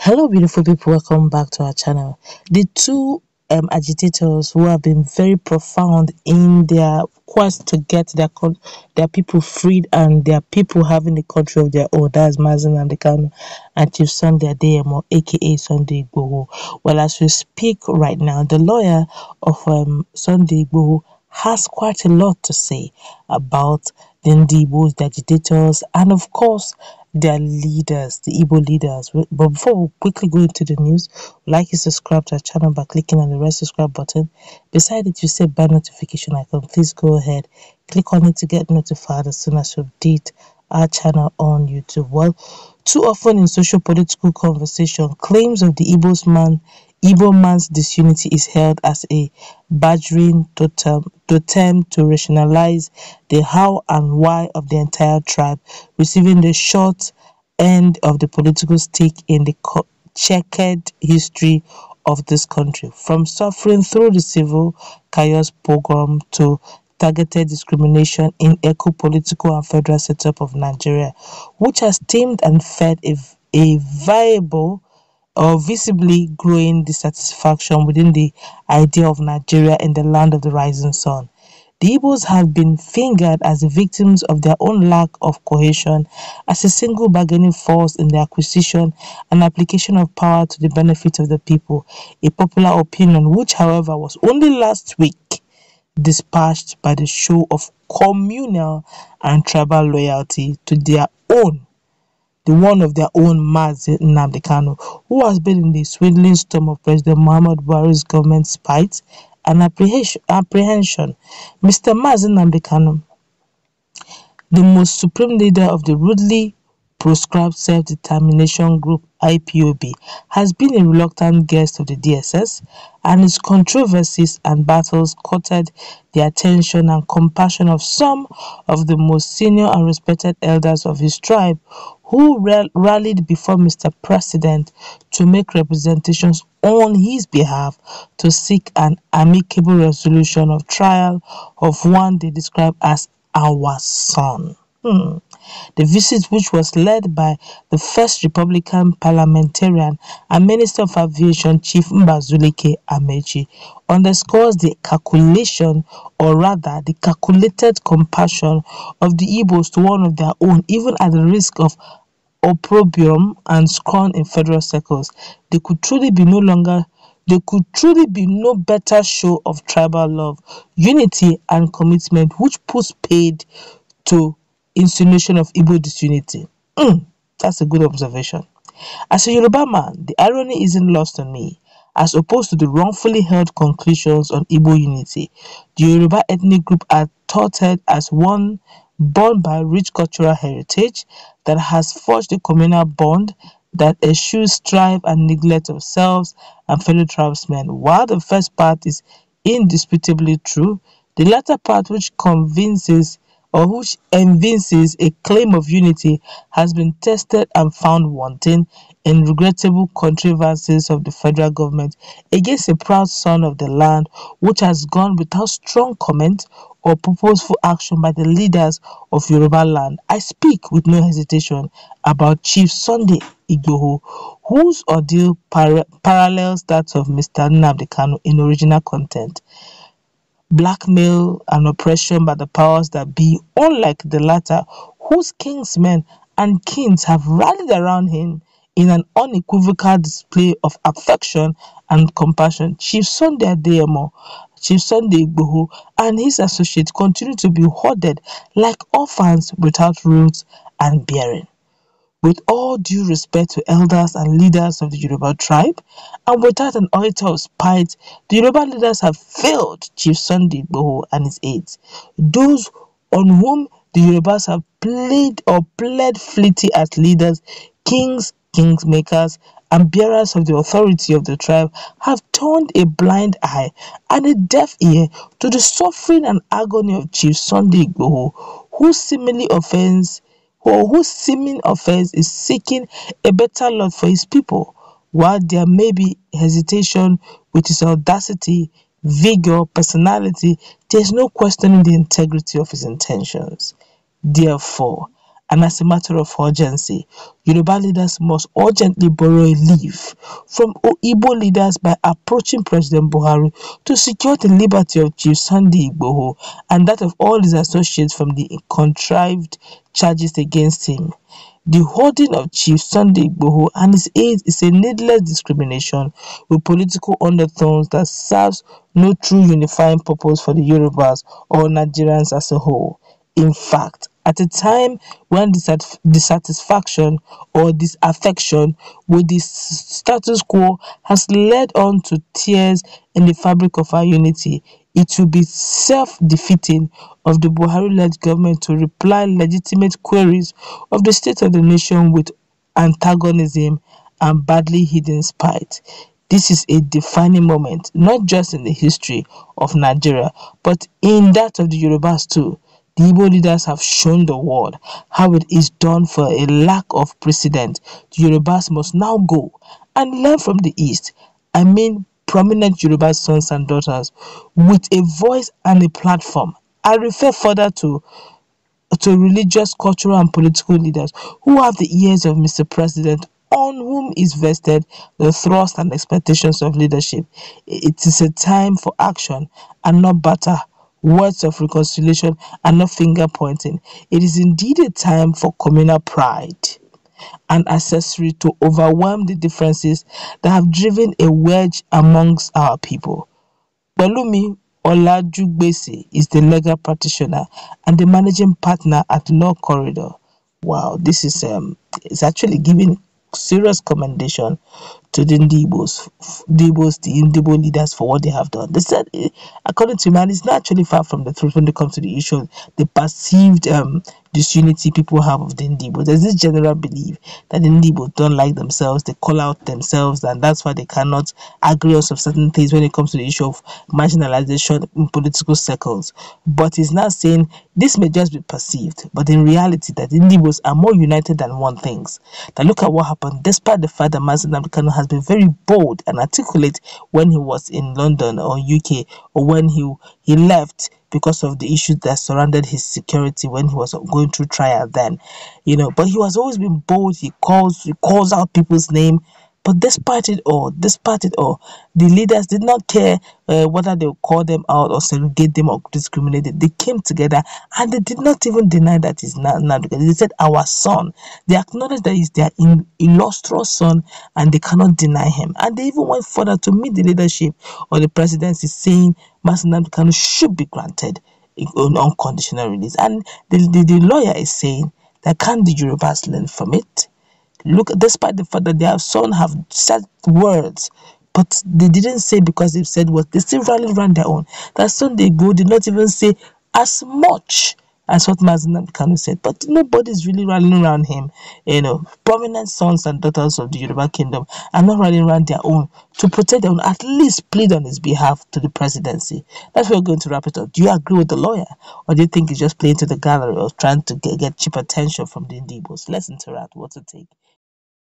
Hello beautiful people, welcome back to our channel. The two um, agitators who have been very profound in their quest to get their their people freed and their people having the country of their own. That's Mazen and the Kano and Chief Sunday Adeyemo, aka Sunday Igboho. Well, as we speak right now, the lawyer of um, Sunday Igboho has quite a lot to say about then the Igbos, the agitators, and of course their leaders, the Igbo leaders. But before we quickly go into the news, like and subscribe to our channel by clicking on the red subscribe button. Beside it, you see bell notification icon. Please go ahead, click on it to get notified as soon as we update our channel on YouTube. Well, too often in social political conversation, claims of the Igbos man Igbo man's disunity is held as a badgering totem to rationalize the how and why of the entire tribe, receiving the short end of the political stick in the checkered history of this country, from suffering through the civil chaos pogrom to targeted discrimination in eco-political and federal setup of Nigeria, which has tamed and fed a, a viable or visibly growing dissatisfaction within the idea of Nigeria in the land of the rising sun. The Igbos have been fingered as the victims of their own lack of cohesion as a single bargaining force in the acquisition and application of power to the benefit of the people, a popular opinion which, however, was only last week dispatched by the show of communal and tribal loyalty to their own the one of their own Mazen Nnamdi who has been in the swindling storm of President Muhammad Buhari's government's spite and apprehension. Mr. Mazen Nnamdi the most supreme leader of the rudely proscribed self-determination group IPOB, has been a reluctant guest of the DSS and his controversies and battles courted the attention and compassion of some of the most senior and respected elders of his tribe who rallied before Mr. President to make representations on his behalf to seek an amicable resolution of trial of one they describe as our son. Hmm. The visit, which was led by the first Republican parliamentarian and Minister of Aviation Chief Mbazulike Amechi, underscores the calculation, or rather the calculated compassion of the Igbos to one of their own, even at the risk of opprobrium and scorn in federal circles, They could truly be no longer there could truly be no better show of tribal love, unity and commitment which puts paid to insinuation of Igbo disunity. Mm, that's a good observation. As a Yoruba man, the irony isn't lost on me. As opposed to the wrongfully held conclusions on Igbo unity, the Yoruba ethnic group are touted as one Bound by rich cultural heritage that has forged a communal bond that eschews strife and neglect of self and fellow tribesmen. While the first part is indisputably true, the latter part which convinces or which evinces a claim of unity has been tested and found wanting and regrettable contrivances of the federal government against a proud son of the land which has gone without strong comment or purposeful action by the leaders of Yoruba land. I speak with no hesitation about Chief Sunday Igboho, whose ordeal par parallels that of Mr. Nnamdi in original content blackmail and oppression by the powers that be, unlike the latter, whose kinsmen and kings have rallied around him in an unequivocal display of affection and compassion, Chief Sunday Ademo, Chief Sunday Igboho, and his associates continue to be hoarded like orphans without roots and bearing. With all due respect to elders and leaders of the Yoruba tribe, and without an altar of spite, the Yoruba leaders have failed Chief Sunday Igboho and his aides. Those on whom the Yorubas have played or pled fleety as leaders, kings, kingmakers and bearers of the authority of the tribe have turned a blind eye and a deaf ear to the suffering and agony of Chief Sunday Igboho, who seemingly offends, or whose seeming offense is seeking a better lot for his people, while there may be hesitation with his audacity, vigor, personality, there is no questioning the integrity of his intentions. Therefore, and as a matter of urgency, Yoruba leaders must urgently borrow a leaf from Igbo leaders by approaching President Buhari to secure the liberty of Chief Sunday Igboho and that of all his associates from the contrived charges against him. The holding of Chief Sunday Igboho and his aides is a needless discrimination with political undertones that serves no true unifying purpose for the Yorubas or Nigerians as a whole. In fact, at a time when dissatisfaction or disaffection with the status quo has led on to tears in the fabric of our unity. It would be self-defeating of the Buhari-led government to reply legitimate queries of the state of the nation with antagonism and badly hidden spite. This is a defining moment, not just in the history of Nigeria, but in that of the Yorubas too. Igbo leaders have shown the world how it is done for a lack of precedent. The Yorubas must now go and learn from the East. I mean prominent Yoruba sons and daughters with a voice and a platform. I refer further to to religious, cultural and political leaders who have the ears of Mr. President on whom is vested the thrust and expectations of leadership. It is a time for action and not battle words of reconciliation, and not finger pointing. It is indeed a time for communal pride, an accessory to overwhelm the differences that have driven a wedge amongst our people. Balumi Olajugbese is the legal practitioner and the managing partner at Law Corridor. Wow, this is um, it's actually giving serious commendation chastising the Igbos, the the leaders for what they have done. They said, eh, according to man, it's not actually far from the truth when it comes to the issue the perceived um, disunity people have of the Indibo. There's this general belief that the Indibo don't like themselves, they call out themselves, and that's why they cannot agree on some certain things when it comes to the issue of marginalization in political circles. But it's not saying this may just be perceived, but in reality, that the Indibos are more united than one thinks. Now, look at what happened despite the fact that Mazen Kanu has been very bold and articulate when he was in London or UK or when he he left because of the issues that surrounded his security when he was going through trial then you know but he was always been bold he calls he calls out people's name but despite it all, despite it all, the leaders did not care uh, whether they would call them out or segregate them or discriminate them. They came together and they did not even deny that is not They said, Our son. They acknowledged that he's their in, illustrious son and they cannot deny him. And they even went further to meet the leadership or the presidency saying Master Nandukete should be granted an unconditional release. And the, the, the lawyer is saying that can the Yorubas learn from it? Look, despite the fact that they have have said words, but they didn't say because they said what they still rallied around their own. That they go did not even say as much as what Mazen Kanu said, but nobody's really rallying around him. You know, prominent sons and daughters of the Yoruba kingdom are not rallying around their own to protect their own, at least plead on his behalf to the presidency. That's where we're going to wrap it up. Do you agree with the lawyer, or do you think he's just playing to the gallery or trying to get, get cheap attention from the Indibos? Let's interact. What's the take?